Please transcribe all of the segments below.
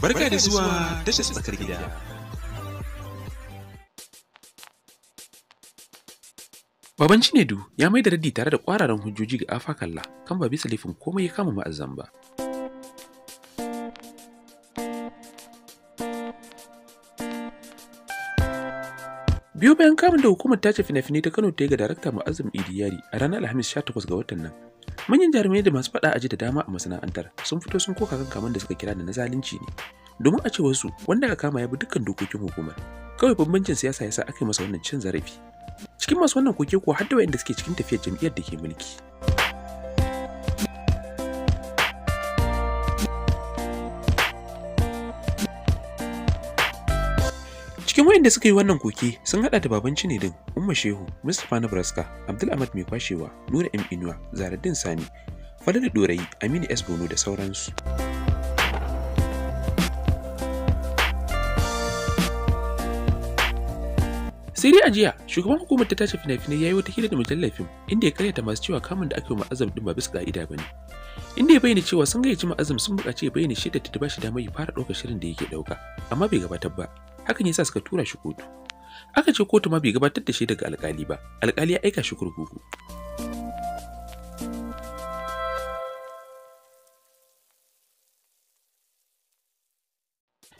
Barka da zuwa tashar tsakar gida. Baban Cinedu ya mai da raddi tare da kwararan hujjoji ga Afa Kalla kan ba bisa laifin komai ya kama ma'azan ba. Biyu bayan kamun da hukumar tace fina-finai ta Kano ta yi ga darakta Ma'azam Idiyari a ranar Alhamis 18 ga watan nan, Manyan jarumai da masu faɗa aji da dama a masana'antar sun fito sun koka kan kaman da suka kira da na zalunci ne. Domin a cewar su wanda aka kama ya bi dukkan dokokin hukumar. Kawai bambancin siyasa ya sa aka yi masa wannan cin zarafi. Cikin masu wannan koke kuwa har da wayanda suke cikin tafiyar jam'iyyar da ke mulki. Cikin wayanda suka yi wannan koke sun hada da baban din Umma Shehu, Mustapha Nebraska, Abdul Ahmad Mai Kwashewa, Nura M Inuwa, zaradin Sani, da Dorayi, Aminu S Bono da sauransu. sai dai a jiya shugaban hukumar ta tace fina-finai ya yi wata hira da mujallar fim inda ya karyata masu cewa kamun da aka yi ma'azam din ba bisa ka'ida ba ne inda ya bayyana cewa sun gayyaci ma'azam sun buƙaci ya bayyana shaidar da ta ba damar ya fara ɗaukar shirin da yake ɗauka amma bai gabatar ba hakan yasa suka tura shi kotu aka ce kotu ma bai gabatar da shi daga alkali ba alkali ya aika shi kurkuku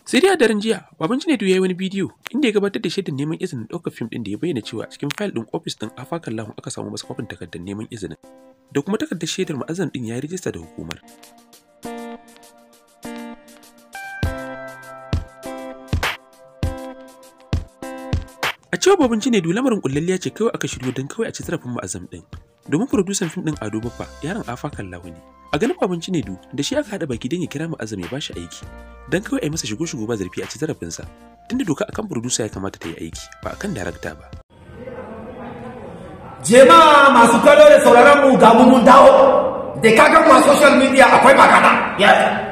sai dai a daren jiya baban Junaidu ya yi wani bidiyo inda ya gabatar da shaidar neman izinin ɗaukar fim ɗin da ya bayyana cewa cikin fayil ɗin ofis ɗin afakan lahun aka samu masa kwafin takardar neman izinin da kuma takardar shaidar ma'azan ɗin ya yi rijista da hukumar A cewa babanci ne lamarin kullalliya ce kawai aka shirya don kawai a ci tarafin ma'azam din. Domin producer fim din Ado Baffa yaron Afa Kallahu ne. A ganin babanci ne du da shi aka haɗa baki don ya kira ma'azam ya bashi aiki. Don kawai a yi masa shigo-shigo ba zarfi a ci sa. Tunda doka akan producer ya kamata ta yi aiki ba akan director ba. Jema'a masu kallo da sauraron mu ga mun dawo. Da kagan mu a social media akwai magana. Yes.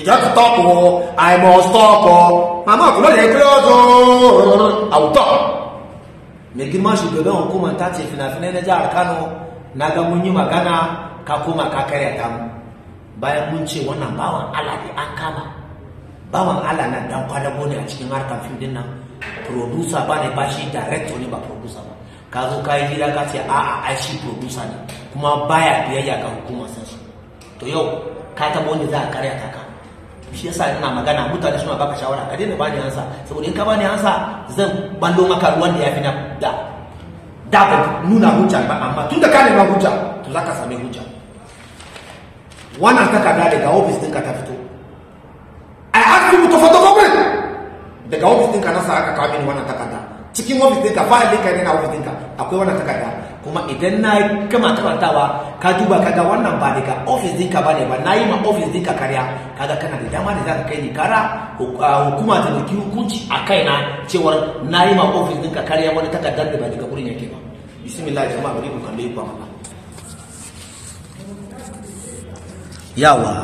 You just talk, oh, I must talk. Oh. Mama, kula da ya kira I will talk. mai girma shugaban hukumar ta ce fina-finai na jihar kano na ga mun yi magana ka koma ka karya ta mu bayan mun ce wannan bawan ala ne an kama bawan ala na dan kwalabo ne a cikin harkar fim din nan producer ba ne ba shi director ne ba producer ba ka zo ka yi gida ka ce a'a ai shi producer ne kuma baya biyayya ga hukumar sansu to yau ka taba wani za a karya ta shi yasa ina magana mutane suna baka shawara ka daina bani ansa saboda in ka bani ansa zan ballo maka ruwan da ya fi na da da ba nuna hujja ba amma tun da ka nema hujja to za ka same hujja wannan da daga ofis ɗinka ta fito a aka rubuta bai? daga ofis ɗinka na sa aka kawo mini wannan takarda cikin ofis ɗinka fa'il ɗinka ne na ofis ɗinka akwai wannan takarda kuma idan na kama karantawa ka duba kaga wannan ba daga ofis dinka ba ne ba na yi ma ofis dinka karya kaga kana da dama da za ka kai ni kara ah, hukuma ta dauki hukunci a kaina cewar na yi ma ofis dinka karya wani takardar da ba daga wurin yake ba bismillah jama'a zama mu kalle ba mana yawa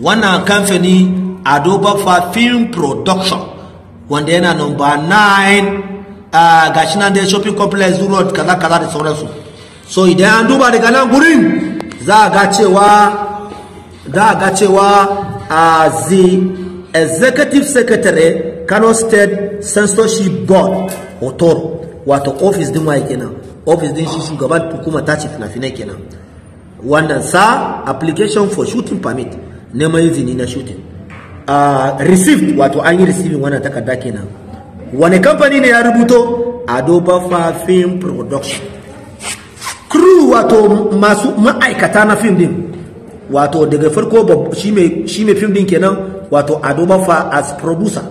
wannan kamfani adobe film production wanda yana number 9 Ah, gashi nan dai shopping complex road kaza kaza da sauransu so idan an duba daga nan gurin za a ga cewa za a ga cewa a ah, zi executive secretary kano state censorship board hotor wato office din waye kenan office din shi shugaban hukuma ta ce fina-finai kenan wannan sa application for shooting permit neman izini na shooting uh, ah, received wato an yi receiving wannan takarda kenan wani kamfani ne ya rubuto adoba fafin production crew wato masu ma'aikata na fim din wato daga farko shi mai fim din kenan wato adoba fa as producer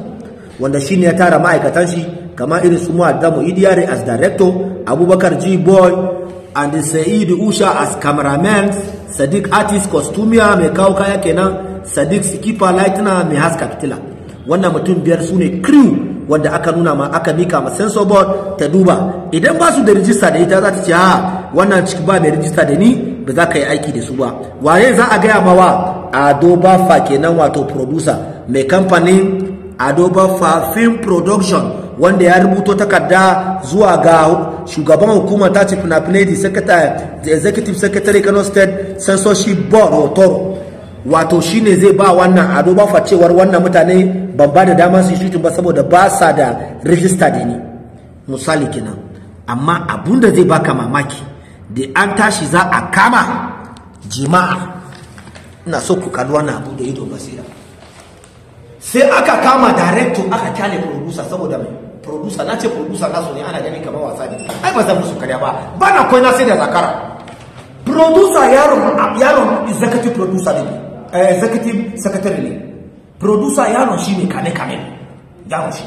wanda shi ne ya tara ma'aikatan shi kama irin su mu adamu idiyare as director abubakar g boy and sa'id usha as cameraman sadiq artist costumia mai kawo kaya kenan sadiq skipper lightner mai haska fitila wannan mutum biyar su ne crew wanda aka nuna ma aka mika ma sensor board ta duba idan ba su da rijista da ita za ta ce ha ah, wannan ciki ba mai rijista da ni ba za ka yi aiki da su ba waye za a gaya wa adoba fa kenan wato producer mai kamfanin adoba fa film production wanda ya rubuto takarda zuwa ga shugaban hukumar ta ce secretary the executive secretary kano state censorship board wato shine zai ba wannan ado fa cewar wannan mutane ban ba da dama su yi ba saboda ba sa da rijista da ni misali kenan amma abun da zai baka mamaki da an tashi za a kama jima'a ina so ku kalli wannan abu da ido basira sai aka kama director aka kyale producer saboda mai producer na ce producer so ne ana gani kamar wasa ne ai ba zan musu karya ba ba na koyi na sai da zakara producer yaron yaron executive producer ne eh, executive secretary ne producer yaron shi ne kane-kane yaron shi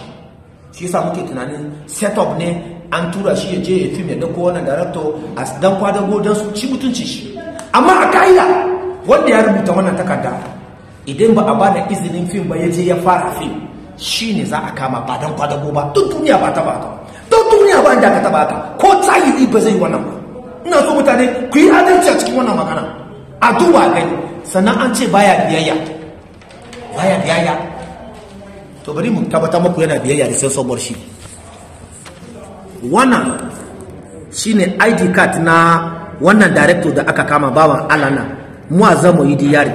shi yasa muke tunanin setup ne an tura shi ya je ya fim ya dako wannan director a dan kwadago don su ci mutunci shi amma a ka'ida wanda ya rubuta wannan takarda idan ba a ba da izinin fim ba ya je ya fara fim shi ne za a kama ba dan kwadago ba duk duniya ba ta ba ta duk duniya ba inda ka ba ta ko tayiri ba zai wannan ba ina so mutane ku yi adalci a cikin wannan magana a duba gani sannan an ce baya biyayya baya biyayya to bari mu tabbatar muku yana biyayya da sensobar shi wannan shine id card na wannan director da aka kama bawan alana mu a zama yi diyari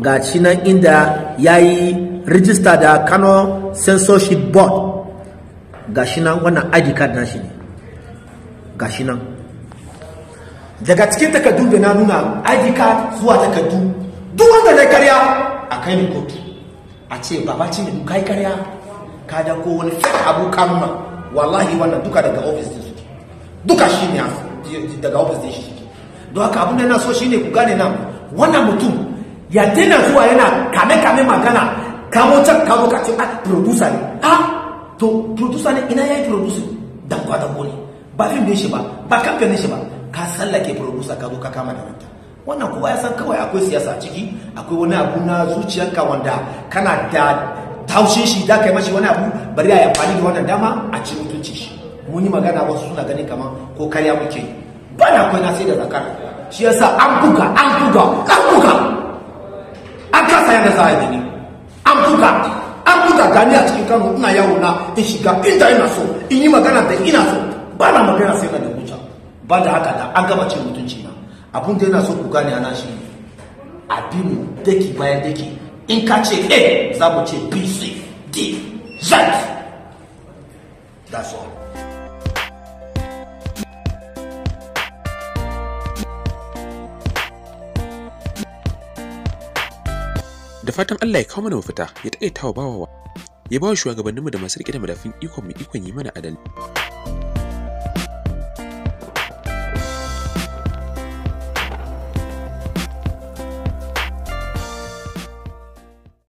ga shi nan inda ya yi rijista da kano censorship board ga shi nan wannan id card na shi ne ga shi nan daga cikin takardu da na nuna id card zuwa takardu duk wanda na karya a kai ni kotu a ce baba ce da kai karya ka da ko wani fake abu kamma wallahi wannan duka daga ofis din su duka shi ne daga ofis din shi don haka abin da na so shine ku gane nan wannan mutum ya dena zuwa yana kame kame magana kamo can kamo ka ce a ah, producer ne a ah, to producer ne ina yi producer dan kwata ne ba fim da shi ba ba kamfe ne shi ba ka sallake producer ka zo ka kama da wanta wannan kowa ya san kawai akwai siyasa ciki akwai wani abu na zuciyarka wanda kana da taushin shi da kai mashi wani abu bari a yi amfani da wannan dama a ci mutunci shi mun yi magana wasu suna ganin kamar ko karya muke ba na akwai na sai da zakar shi sa an buga an buga an buga an kasa yadda za a gani an buga an buga gani a cikin kano ina yawo na in shiga inda ina so in yi magana da ina so ba na magana sai na da wuce ba da haka da an gaba cin mutunci na abun da yana so ku gane ana shi abinu daki bayan daki in ka ce a eh, za mu ce b c d z that's all da fatan Allah ya kawo mana mafita ya taƙaita wa bawawa ya ba wa shugabanninmu da masu riƙe da madafin ikon mai ikon yi mana adalci